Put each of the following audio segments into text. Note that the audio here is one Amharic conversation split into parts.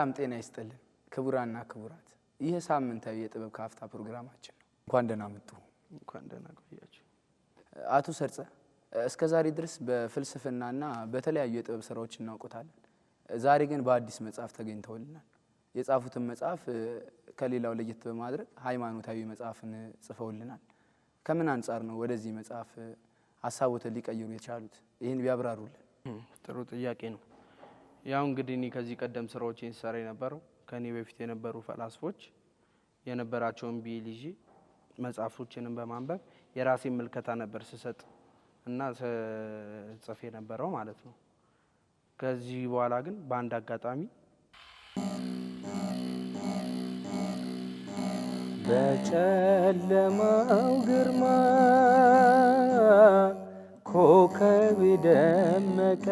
ሰላም ጤና ይስጥልን ክቡራና ክቡራት፣ ይህ ሳምንታዊ የጥበብ ካፍታ ፕሮግራማችን ነው። እንኳን ደና መጡ። እንኳን ደና ቆያችሁ። አቶ ሰርጸ፣ እስከ ዛሬ ድረስ በፍልስፍናና በተለያዩ የጥበብ ስራዎች እናውቁታለን። ዛሬ ግን በአዲስ መጽሐፍ ተገኝተውልናል። የጻፉትን መጽሐፍ ከሌላው ለየት በማድረግ ሃይማኖታዊ መጽሐፍን ጽፈውልናል። ከምን አንጻር ነው ወደዚህ መጽሐፍ ሀሳቦትን ሊቀይሩ የቻሉት? ይህን ቢያብራሩልን። ጥሩ ጥያቄ ነው። ያው እንግዲህ እኔ ከዚህ ቀደም ስራዎችን ስሰራ የነበረው ከእኔ በፊት የነበሩ ፈላስፎች የነበራቸውን ብሂል ይዤ መጽሐፎችንም በማንበብ የራሴን ምልከታ ነበር ስሰጥ እና ጽፍ የነበረው ማለት ነው። ከዚህ በኋላ ግን በአንድ አጋጣሚ በጨለማው ግርማ ኮከብ ደመቀ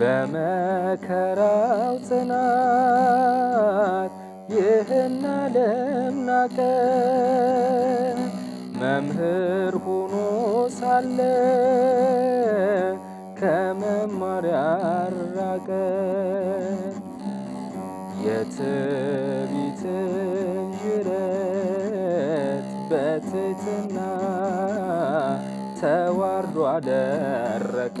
በመከራው ጽናት ይህን ዓለም ናቀ። መምህር ሆኖ ሳለ ከመማር ያራቀ የትዕቢትን ጅረት በትሕትና ተዋርዶ አደረቀ።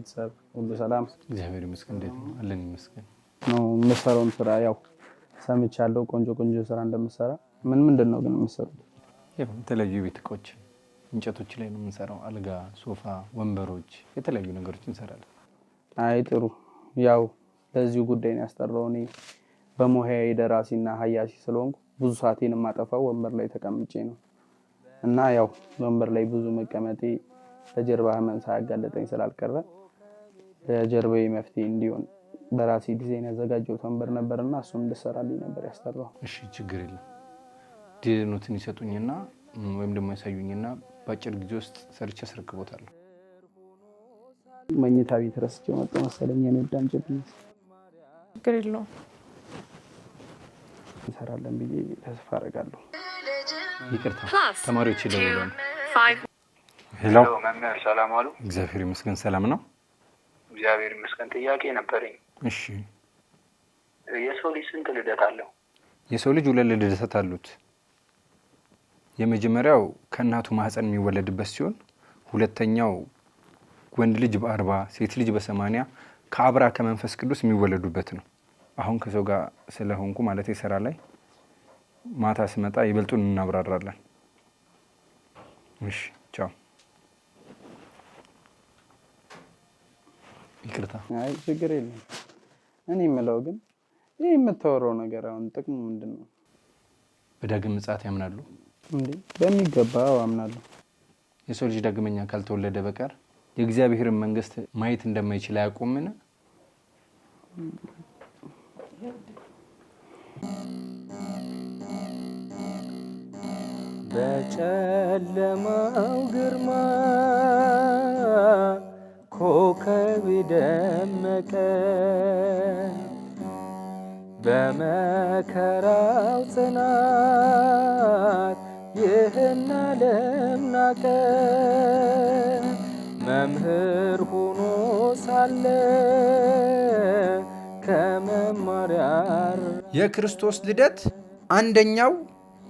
ቤተሰብ ሁሉ ሰላም? እግዚአብሔር ይመስገን። እንዴት ነው? አለን ይመስገን። ነው የምትሰራውን ስራ ያው ሰምቻለሁ፣ ቆንጆ ቆንጆ ስራ እንደምሰራ ምን ምንድን ነው ግን የምትሰሩት? የተለያዩ የቤት እቃዎች እንጨቶች ላይ ነው የምንሰራው። አልጋ፣ ሶፋ፣ ወንበሮች፣ የተለያዩ ነገሮች እንሰራለን። አይ ጥሩ። ያው ለዚሁ ጉዳይ ነው ያስጠራው። እኔ በሙያዬ ደራሲና ሀያሲ ስለሆንኩ ብዙ ሰዓቴን የማጠፋው ወንበር ላይ ተቀምጬ ነው እና ያው ወንበር ላይ ብዙ መቀመጤ ለጀርባ ህመም ሳያጋለጠኝ ስላልቀረ ለጀርባዬ መፍትሄ እንዲሆን በራሴ ዲዛይን ያዘጋጀሁት ወንበር እና እሱም እንድሰራልኝ ነበር ያስጠራው። እሺ ችግር የለም ዲዛይኖትን ይሰጡኝና ወይም ደግሞ ያሳዩኝና በአጭር ጊዜ ውስጥ ሰርቼ አስረክቦታለሁ። መኝታ ቤት ረስቼ መጡ መሰለኝ። የኔ ወዳን ችግር የለውም እንሰራለን ብዬ ተስፋ አደርጋለሁ። ይቅርታ ተማሪዎች ይደውላሉ። ሄሎ መምህር፣ ሰላም አሉ። እግዚአብሔር ይመስገን ሰላም ነው። እግዚአብሔር ይመስገን። ጥያቄ ነበረኝ። እሺ። የሰው ልጅ ስንት ልደት አለው? የሰው ልጅ ሁለት ልደት አሉት። የመጀመሪያው ከእናቱ ማህፀን የሚወለድበት ሲሆን ሁለተኛው ወንድ ልጅ በአርባ ሴት ልጅ በሰማንያ ከአብራ ከመንፈስ ቅዱስ የሚወለዱበት ነው። አሁን ከሰው ጋር ስለሆንኩ ማለት ስራ ላይ ማታ ስመጣ ይበልጡን እናብራራለን። እሺ ይቅርታ። አይ ችግር የለም። እኔ የምለው ግን ይህ የምታወራው ነገር አሁን ጥቅሙ ምንድን ነው? በዳግም ምጽአት ያምናሉ እንዴ? በሚገባ አምናለሁ። የሰው ልጅ ዳግመኛ ካልተወለደ በቀር የእግዚአብሔርን መንግስት ማየት እንደማይችል አያውቁምን? በጨለማው ግርማ ኮከብ ደመቀ በመከራው ጽናት ይህን ዓለም ናቀ። መምህር ሆኖ ሳለ ከመማሪያ የክርስቶስ ልደት አንደኛው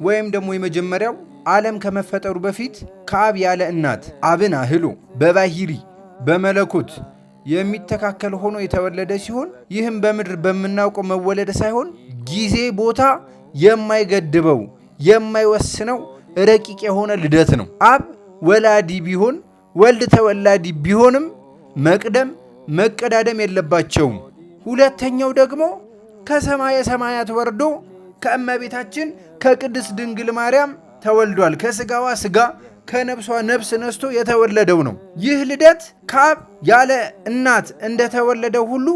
ወይም ደግሞ የመጀመሪያው ዓለም ከመፈጠሩ በፊት ከአብ ያለ እናት አብን አህሎ በባሂሪ በመለኮት የሚተካከል ሆኖ የተወለደ ሲሆን ይህም በምድር በምናውቀው መወለድ ሳይሆን ጊዜ ቦታ የማይገድበው የማይወስነው ረቂቅ የሆነ ልደት ነው። አብ ወላዲ ቢሆን ወልድ ተወላዲ ቢሆንም መቅደም መቀዳደም የለባቸውም። ሁለተኛው ደግሞ ከሰማየ ሰማያት ወርዶ ከእመቤታችን ከቅድስት ድንግል ማርያም ተወልዷል። ከስጋዋ ስጋ ከነብሷ ነብስ ነስቶ የተወለደው ነው። ይህ ልደት ከአብ ያለ እናት እንደተወለደው ሁሉ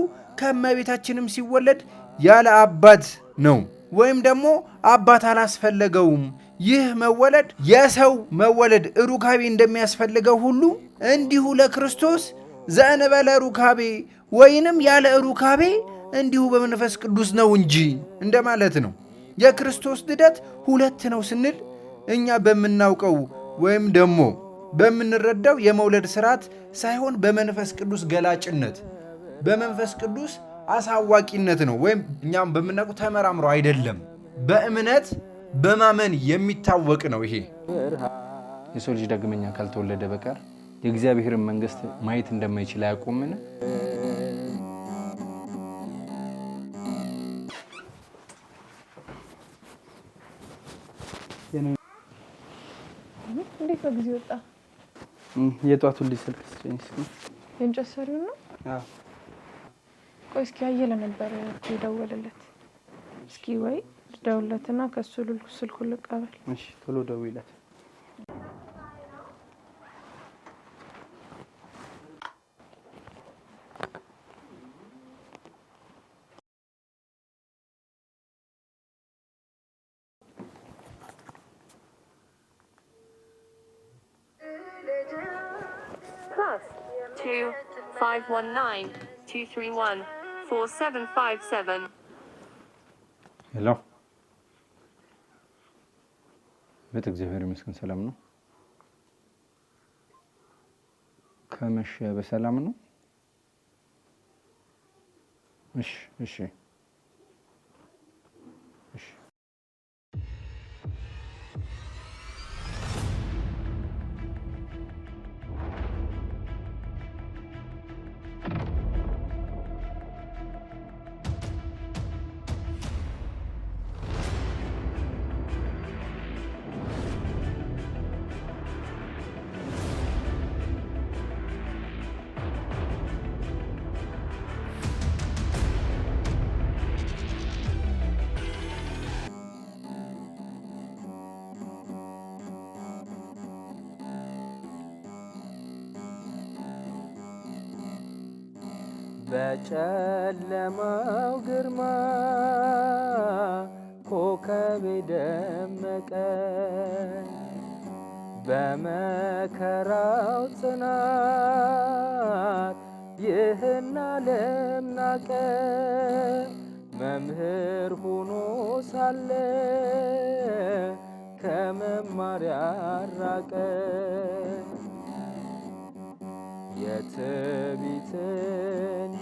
ከእመቤታችንም ሲወለድ ያለ አባት ነው፣ ወይም ደግሞ አባት አላስፈለገውም። ይህ መወለድ የሰው መወለድ ሩካቤ እንደሚያስፈልገው ሁሉ እንዲሁ ለክርስቶስ ዘእንበለ ሩካቤ ወይንም ያለ ሩካቤ እንዲሁ በመንፈስ ቅዱስ ነው እንጂ እንደማለት ነው። የክርስቶስ ልደት ሁለት ነው ስንል እኛ በምናውቀው ወይም ደግሞ በምንረዳው የመውለድ ስርዓት ሳይሆን በመንፈስ ቅዱስ ገላጭነት በመንፈስ ቅዱስ አሳዋቂነት ነው። ወይም እኛም በምናውቀው ተመራምሮ አይደለም፣ በእምነት በማመን የሚታወቅ ነው። ይሄ የሰው ልጅ ዳግመኛ ካልተወለደ በቀር የእግዚአብሔርን መንግስት ማየት እንደማይችል አያውቁምን? እንዴት በጊዜ ወጣ? ልጅ ስልክ የእንጨት ሰሪው ነው? ቆይ እስኪ አየለ ነበር የደወለለት። እስኪ ወይ ደውለትና ከሱ ስልኩን ልቀበል። እሺ ቶሎ ደውይለት። 519 231 4757. ሄሎ ቤት እግዚአብሔር ይመስገን ሰላም ነው። ከመሸ በሰላም ነው። እሺ እሺ በጨለማው ግርማ ኮከብ ደመቀ፣ በመከራው ጽናት ይህን ዓለም ናቀ። መምህር ሆኖ ሳለ ከመማር ያራቀ የትቢትን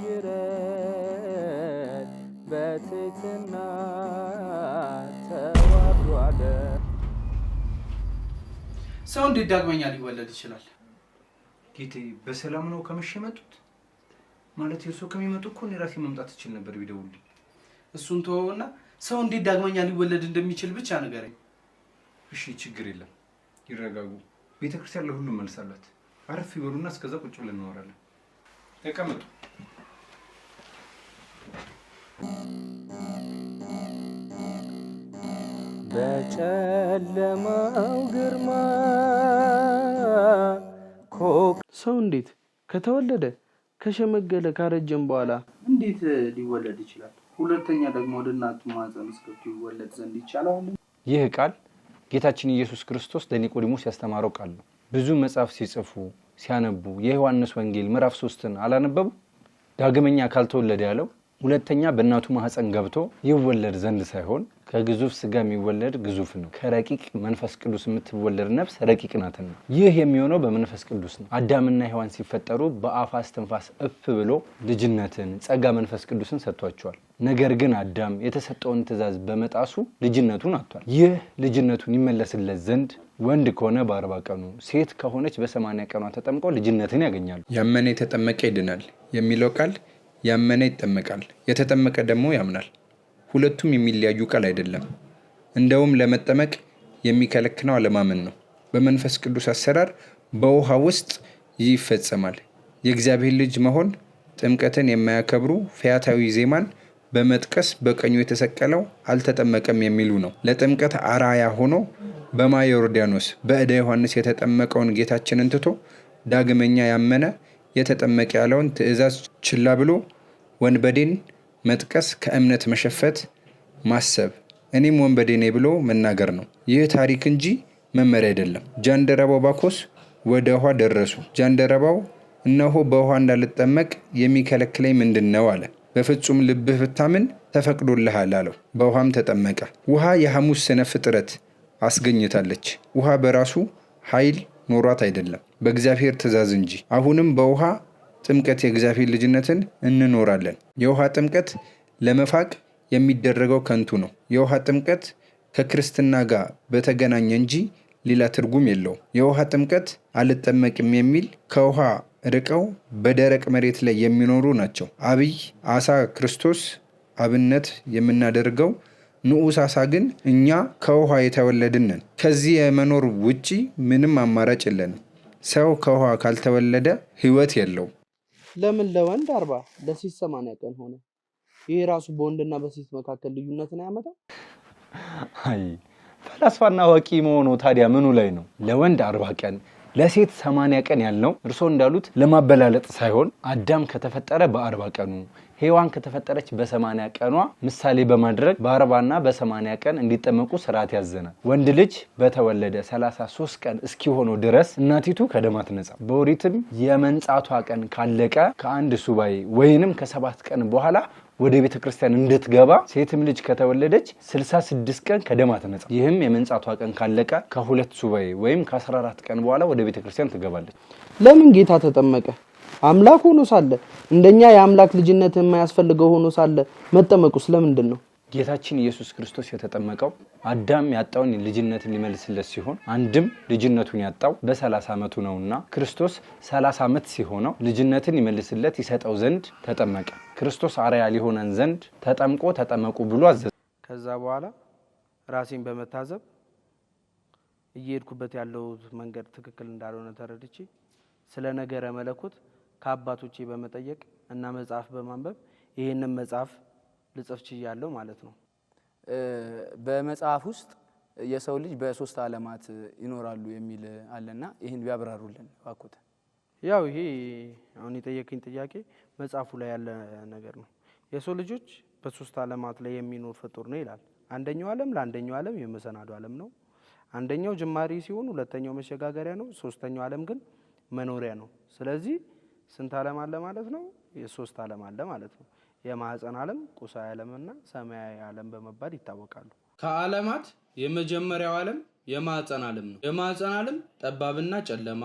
ሰው እንዴት ዳግመኛ ሊወለድ ይችላል? ጌቴ በሰላም ነው ከምሽ የመጡት? ማለት የእርሶ ከሚመጡ እኮ እኔ ራሴ መምጣት እችል ነበር ቢደውልኝ። እሱን ተወውና ሰው እንዴት ዳግመኛ ሊወለድ እንደሚችል ብቻ ንገረኝ። እሺ ችግር የለም ይረጋጉ። ቤተክርስቲያን ለሁሉም መልስ አላት። አረፍ ይበሉና እስከዛ ቁጭ ብለን እናወራለን። ተቀመጡ። በጨለማው ግርማ ሰው እንዴት ከተወለደ ከሸመገለ ካረጀም በኋላ እንዴት ሊወለድ ይችላል? ሁለተኛ ደግሞ ወደ እናቱ ማኅፀን እስከቱ ይወለድ ዘንድ ይቻላል? ይህ ቃል ጌታችን ኢየሱስ ክርስቶስ ለኒቆዲሞስ ያስተማረው ቃል ነው። ብዙ መጽሐፍ ሲጽፉ ሲያነቡ የዮሐንስ ወንጌል ምዕራፍ ሶስትን አላነበቡ? ዳግመኛ ካልተወለደ ያለው ሁለተኛ በእናቱ ማህፀን ገብቶ ይወለድ ዘንድ ሳይሆን ከግዙፍ ስጋ የሚወለድ ግዙፍ ነው። ከረቂቅ መንፈስ ቅዱስ የምትወለድ ነፍስ ረቂቅ ናትና ይህ የሚሆነው በመንፈስ ቅዱስ ነው። አዳምና ሔዋን ሲፈጠሩ በአፋስ ትንፋስ እፍ ብሎ ልጅነትን፣ ጸጋ መንፈስ ቅዱስን ሰጥቷቸዋል። ነገር ግን አዳም የተሰጠውን ትእዛዝ በመጣሱ ልጅነቱን አጥቷል። ይህ ልጅነቱን ይመለስለት ዘንድ ወንድ ከሆነ በአርባ ቀኑ ሴት ከሆነች በሰማንያ ቀኗ ተጠምቀው ልጅነትን ያገኛሉ። ያመነ የተጠመቀ ይድናል የሚለው ቃል ያመነ ይጠመቃል፣ የተጠመቀ ደግሞ ያምናል። ሁለቱም የሚለያዩ ቃል አይደለም። እንደውም ለመጠመቅ የሚከለክነው አለማመን ነው። በመንፈስ ቅዱስ አሰራር በውሃ ውስጥ ይፈጸማል። የእግዚአብሔር ልጅ መሆን ጥምቀትን የማያከብሩ ፈያታዊ ዜማን በመጥቀስ በቀኙ የተሰቀለው አልተጠመቀም የሚሉ ነው። ለጥምቀት አራያ ሆኖ በማየ ዮርዳኖስ በዕደ ዮሐንስ የተጠመቀውን ጌታችንን ትቶ ዳግመኛ ያመነ የተጠመቀ ያለውን ትእዛዝ ችላ ብሎ ወንበዴን መጥቀስ ከእምነት መሸፈት ማሰብ እኔም ወንበዴ ነኝ ብሎ መናገር ነው። ይህ ታሪክ እንጂ መመሪያ አይደለም። ጃንደረባው ባኮስ ወደ ውሃ ደረሱ። ጃንደረባው እነሆ በውሃ እንዳልጠመቅ የሚከለክለኝ ምንድን ነው አለ። በፍጹም ልብህ ብታምን ተፈቅዶልሃል አለው። በውሃም ተጠመቀ። ውሃ የሐሙስ ስነ ፍጥረት አስገኝታለች። ውሃ በራሱ ኃይል ኖሯት አይደለም፣ በእግዚአብሔር ትእዛዝ እንጂ። አሁንም በውሃ ጥምቀት የእግዚአብሔር ልጅነትን እንኖራለን። የውሃ ጥምቀት ለመፋቅ የሚደረገው ከንቱ ነው። የውሃ ጥምቀት ከክርስትና ጋር በተገናኘ እንጂ ሌላ ትርጉም የለውም። የውሃ ጥምቀት አልጠመቅም የሚል ከውሃ ርቀው በደረቅ መሬት ላይ የሚኖሩ ናቸው። አብይ አሳ ክርስቶስ አብነት የምናደርገው ንዑስ አሳ ግን እኛ ከውሃ የተወለድን ነን። ከዚህ የመኖር ውጪ ምንም አማራጭ የለንም። ሰው ከውሃ ካልተወለደ ህይወት የለውም። ለምን ለወንድ አርባ ለሴት ሰማንያ ቀን ሆነ? ይህ ራሱ በወንድና በሴት መካከል ልዩነትን አያመጣም? አይ ፈላስፋና አዋቂ መሆኑ ታዲያ ምኑ ላይ ነው? ለወንድ አርባ ቀን ለሴት 80 ቀን ያልነው እርስዎ እንዳሉት ለማበላለጥ ሳይሆን አዳም ከተፈጠረ በአርባ ቀኑ ሔዋን ከተፈጠረች በሰማንያ ቀኗ ምሳሌ በማድረግ በአርባና በሰማንያ ቀን እንዲጠመቁ ስርዓት ያዘናል። ወንድ ልጅ በተወለደ 33 ቀን እስኪሆነው ድረስ እናቲቱ ከደማት ነጻ በወሪትም የመንጻቷ ቀን ካለቀ ከአንድ ሱባኤ ወይንም ከሰባት ቀን በኋላ ወደ ቤተ ክርስቲያን እንድትገባ ሴትም ልጅ ከተወለደች 66 ቀን ከደማ ነጻ ይህም የመንጻቷ ቀን ካለቀ ከሁለት ሱባኤ ወይም ከ14 ቀን በኋላ ወደ ቤተ ክርስቲያን ትገባለች። ለምን ጌታ ተጠመቀ? አምላክ ሆኖ ሳለ እንደኛ የአምላክ ልጅነት የማያስፈልገው ሆኖ ሳለ መጠመቁስ ለምንድን ነው? ጌታችን ኢየሱስ ክርስቶስ የተጠመቀው አዳም ያጣውን ልጅነትን ሊመልስለት ሲሆን አንድም ልጅነቱን ያጣው በ30 ዓመቱ ነውና ክርስቶስ 30 ዓመት ሲሆነው ልጅነትን ይመልስለት ይሰጠው ዘንድ ተጠመቀ። ክርስቶስ አርያ ሊሆነን ዘንድ ተጠምቆ ተጠመቁ ብሎ አዘዘ። ከዛ በኋላ ራሴን በመታዘብ እየሄድኩበት ያለው መንገድ ትክክል እንዳልሆነ ተረድቼ ስለ ነገረ መለኮት ከአባቶቼ በመጠየቅ እና መጽሐፍ በማንበብ ይህንን መጽሐፍ ልጽፍ ችያለሁ ማለት ነው። በመጽሐፍ ውስጥ የሰው ልጅ በሶስት ዓለማት ይኖራሉ የሚል አለና ይህን ቢያብራሩልን እባክዎት። ያው ይሄ አሁን የጠየቀኝ ጥያቄ መጽሐፉ ላይ ያለ ነገር ነው። የሰው ልጆች በሶስት ዓለማት ላይ የሚኖር ፍጡር ነው ይላል። አንደኛው ዓለም ለአንደኛው ዓለም የመሰናዶ ዓለም ነው። አንደኛው ጅማሪ ሲሆን ሁለተኛው መሸጋገሪያ ነው። ሶስተኛው ዓለም ግን መኖሪያ ነው። ስለዚህ ስንት ዓለም አለ ማለት ነው? የሶስት ዓለም አለ ማለት ነው። የማህፀን ዓለም ቁሳዊ ዓለምና ሰማያዊ ዓለም በመባል ይታወቃሉ። ከዓለማት የመጀመሪያው ዓለም የማህፀን ዓለም ነው። የማህፀን ዓለም ጠባብና ጨለማ፣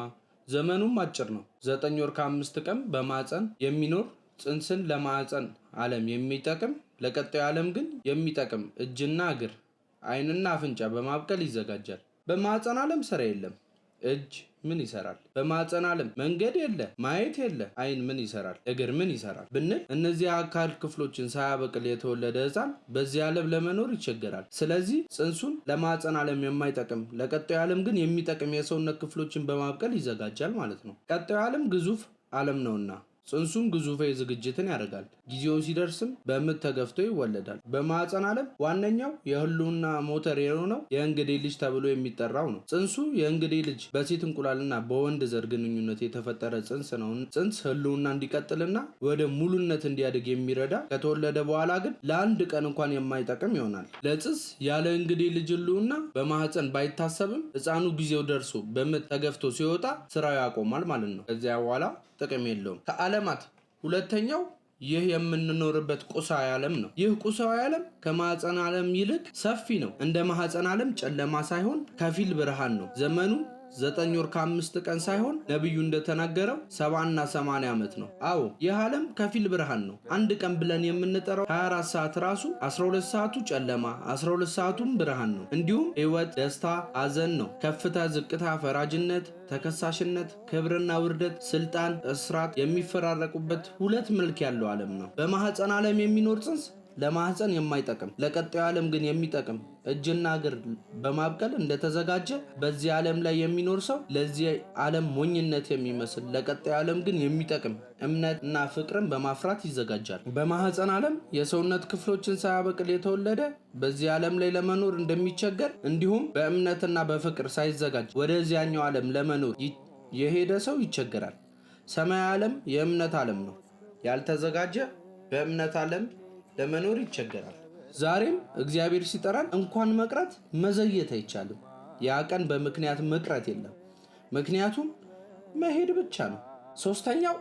ዘመኑም አጭር ነው። ዘጠኝ ወር ከአምስት ቀን በማህፀን የሚኖር ጽንስን ለማህፀን ዓለም የሚጠቅም ለቀጣዩ ዓለም ግን የሚጠቅም እጅና እግር፣ አይንና አፍንጫ በማብቀል ይዘጋጃል። በማህፀን ዓለም ስራ የለም። እጅ ምን ይሰራል? በማፀን ዓለም መንገድ የለ፣ ማየት የለ፣ አይን ምን ይሰራል? እግር ምን ይሰራል ብንል እነዚህ አካል ክፍሎችን ሳያበቅል የተወለደ ህፃን በዚህ ዓለም ለመኖር ይቸገራል። ስለዚህ ጽንሱን ለማፀን ዓለም የማይጠቅም ለቀጣዩ ዓለም ግን የሚጠቅም የሰውነት ክፍሎችን በማብቀል ይዘጋጃል ማለት ነው። ቀጣዩ ዓለም ግዙፍ ዓለም ነውና ጽንሱም ግዙፋዊ ዝግጅትን ያደርጋል። ጊዜው ሲደርስም በምጥ ተገፍቶ ይወለዳል። በማዕፀን ዓለም ዋነኛው የህልውና ሞተር የሆነው የእንግዴ ልጅ ተብሎ የሚጠራው ነው። ጽንሱ የእንግዴ ልጅ በሴት እንቁላልና በወንድ ዘር ግንኙነት የተፈጠረ ጽንስ ነው። ጽንስ ህልውና እንዲቀጥልና ወደ ሙሉነት እንዲያድግ የሚረዳ ከተወለደ በኋላ ግን ለአንድ ቀን እንኳን የማይጠቅም ይሆናል። ለጽንስ ያለ እንግዴ ልጅ ህልውና በማህፀን ባይታሰብም ህፃኑ ጊዜው ደርሶ በምጥ ተገፍቶ ሲወጣ ስራው ያቆማል ማለት ነው። ከዚያ በኋላ ጥቅም የለውም። ከዓለማት ሁለተኛው ይህ የምንኖርበት ቁሳዊ ዓለም ነው። ይህ ቁሳዊ ዓለም ከማህፀን ዓለም ይልቅ ሰፊ ነው። እንደ ማህፀን ዓለም ጨለማ ሳይሆን ከፊል ብርሃን ነው። ዘመኑ ዘጠኝ ወር ከአምስት ቀን ሳይሆን ነቢዩ እንደተናገረው ሰባና ሰማንያ ዓመት ነው። አዎ ይህ ዓለም ከፊል ብርሃን ነው። አንድ ቀን ብለን የምንጠራው 24 ሰዓት ራሱ 12 ሰዓቱ ጨለማ፣ 12 ሰዓቱም ብርሃን ነው። እንዲሁም ሕይወት፣ ደስታ፣ አዘን ነው። ከፍታ፣ ዝቅታ፣ ፈራጅነት፣ ተከሳሽነት፣ ክብርና ውርደት፣ ስልጣን፣ እስራት የሚፈራረቁበት ሁለት መልክ ያለው ዓለም ነው። በማኅፀን ዓለም የሚኖር ጽንስ ለማህፀን የማይጠቅም ለቀጣዩ ዓለም ግን የሚጠቅም እጅና እግር በማብቀል እንደተዘጋጀ በዚህ ዓለም ላይ የሚኖር ሰው ለዚህ ዓለም ሞኝነት የሚመስል ለቀጣዩ ዓለም ግን የሚጠቅም እምነት እና ፍቅርን በማፍራት ይዘጋጃል። በማህፀን ዓለም የሰውነት ክፍሎችን ሳያበቅል የተወለደ በዚህ ዓለም ላይ ለመኖር እንደሚቸገር እንዲሁም በእምነትና በፍቅር ሳይዘጋጅ ወደዚያኛው ዓለም ለመኖር የሄደ ሰው ይቸገራል። ሰማያዊ ዓለም የእምነት ዓለም ነው። ያልተዘጋጀ በእምነት ዓለም ለመኖር ይቸገራል። ዛሬም እግዚአብሔር ሲጠራን እንኳን መቅረት መዘየት አይቻልም። ያ ቀን በምክንያት መቅረት የለም። ምክንያቱም መሄድ ብቻ ነው። ሶስተኛው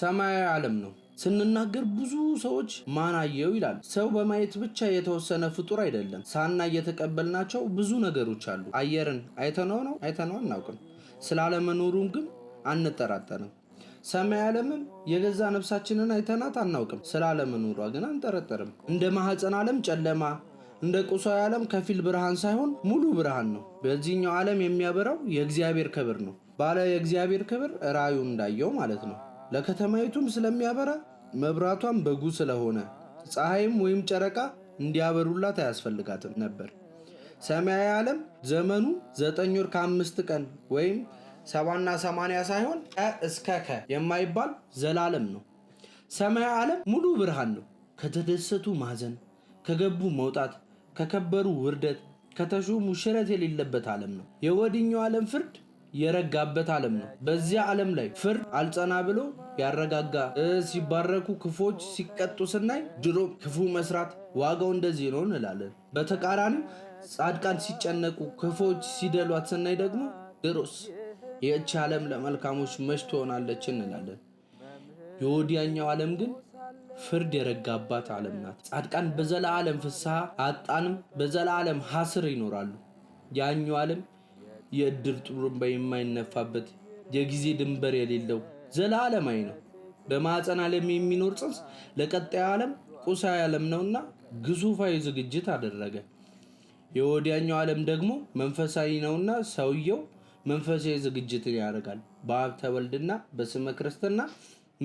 ሰማያዊ ዓለም ነው። ስንናገር ብዙ ሰዎች ማናየው ይላል። ሰው በማየት ብቻ የተወሰነ ፍጡር አይደለም። ሳና እየተቀበልናቸው ብዙ ነገሮች አሉ። አየርን አይተነው ነው አይተነው አናውቅም። ስላለመኖሩም ግን አንጠራጠርም። ሰማይ ዓለምም የገዛ ነፍሳችንን አይተናት አናውቅም። ስለ አለመኖሯ ግን አንጠረጠርም። እንደ ማህፀን ዓለም ጨለማ፣ እንደ ቁሳዊ ዓለም ከፊል ብርሃን ሳይሆን ሙሉ ብርሃን ነው። በዚህኛው ዓለም የሚያበራው የእግዚአብሔር ክብር ነው። ባለ የእግዚአብሔር ክብር ራዩ እንዳየው ማለት ነው። ለከተማይቱም ስለሚያበራ መብራቷም በጉ ስለሆነ ፀሐይም ወይም ጨረቃ እንዲያበሩላት አያስፈልጋትም ነበር። ሰማያዊ ዓለም ዘመኑ ዘጠኝ ወር ከአምስት ቀን ወይም ሰባና ሰማንያ ሳይሆን ቀ እስከ ከ የማይባል ዘላለም ነው። ሰማያ ዓለም ሙሉ ብርሃን ነው። ከተደሰቱ ማዘን፣ ከገቡ መውጣት፣ ከከበሩ ውርደት፣ ከተሾሙ ሽረት የሌለበት ዓለም ነው። የወዲኛው ዓለም ፍርድ የረጋበት ዓለም ነው። በዚያ ዓለም ላይ ፍርድ አልጸና ብሎ ያረጋጋ ሲባረኩ፣ ክፎች ሲቀጡ ስናይ ድሮ ክፉ መስራት ዋጋው እንደዚህ ነው እንላለን። በተቃራኒ ጻድቃን ሲጨነቁ፣ ክፎች ሲደሏት ስናይ ደግሞ ድሮስ ይህች ዓለም ለመልካሞች መች ትሆናለች እንላለን። የወዲያኛው ዓለም ግን ፍርድ የረጋባት ዓለም ናት። ጻድቃን በዘላለም ፍስሐ፣ አጣንም በዘላለም ሐስር ይኖራሉ። ያኛው ዓለም የእድር ጥሩምባ የማይነፋበት የጊዜ ድንበር የሌለው ዘላለማዊ ነው። በማዕፀን ዓለም የሚኖር ጽንስ ለቀጣዩ ዓለም ቁሳዊ ዓለም ነውና ግዙፋዊ ዝግጅት አደረገ። የወዲያኛው ዓለም ደግሞ መንፈሳዊ ነውና ሰውየው መንፈሳዊ ዝግጅትን ያደርጋል። በአብ ተወልድና በስመ ክርስትና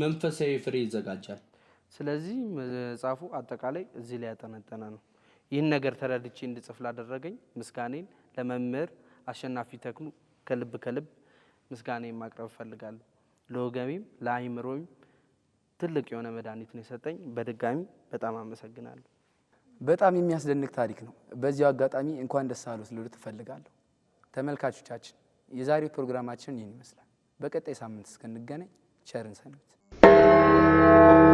መንፈሳዊ ፍሬ ይዘጋጃል። ስለዚህ መጽሐፉ አጠቃላይ እዚህ ላይ ያጠነጠነ ነው። ይህን ነገር ተረድቼ እንድጽፍ ላደረገኝ ምስጋኔን ለመምህር አሸናፊ ተክሉ ከልብ ከልብ ምስጋኔን ማቅረብ እፈልጋለሁ። ለወገሜም ለአይምሮም ትልቅ የሆነ መድኃኒትን የሰጠኝ በድጋሚ በጣም አመሰግናለሁ። በጣም የሚያስደንቅ ታሪክ ነው። በዚያው አጋጣሚ እንኳን ደስ አሉት ልሉት ተመልካቾቻችን የዛሬው ፕሮግራማችን ይህን ይመስላል። በቀጣይ ሳምንት እስክንገናኝ ቸርን ሰንብት።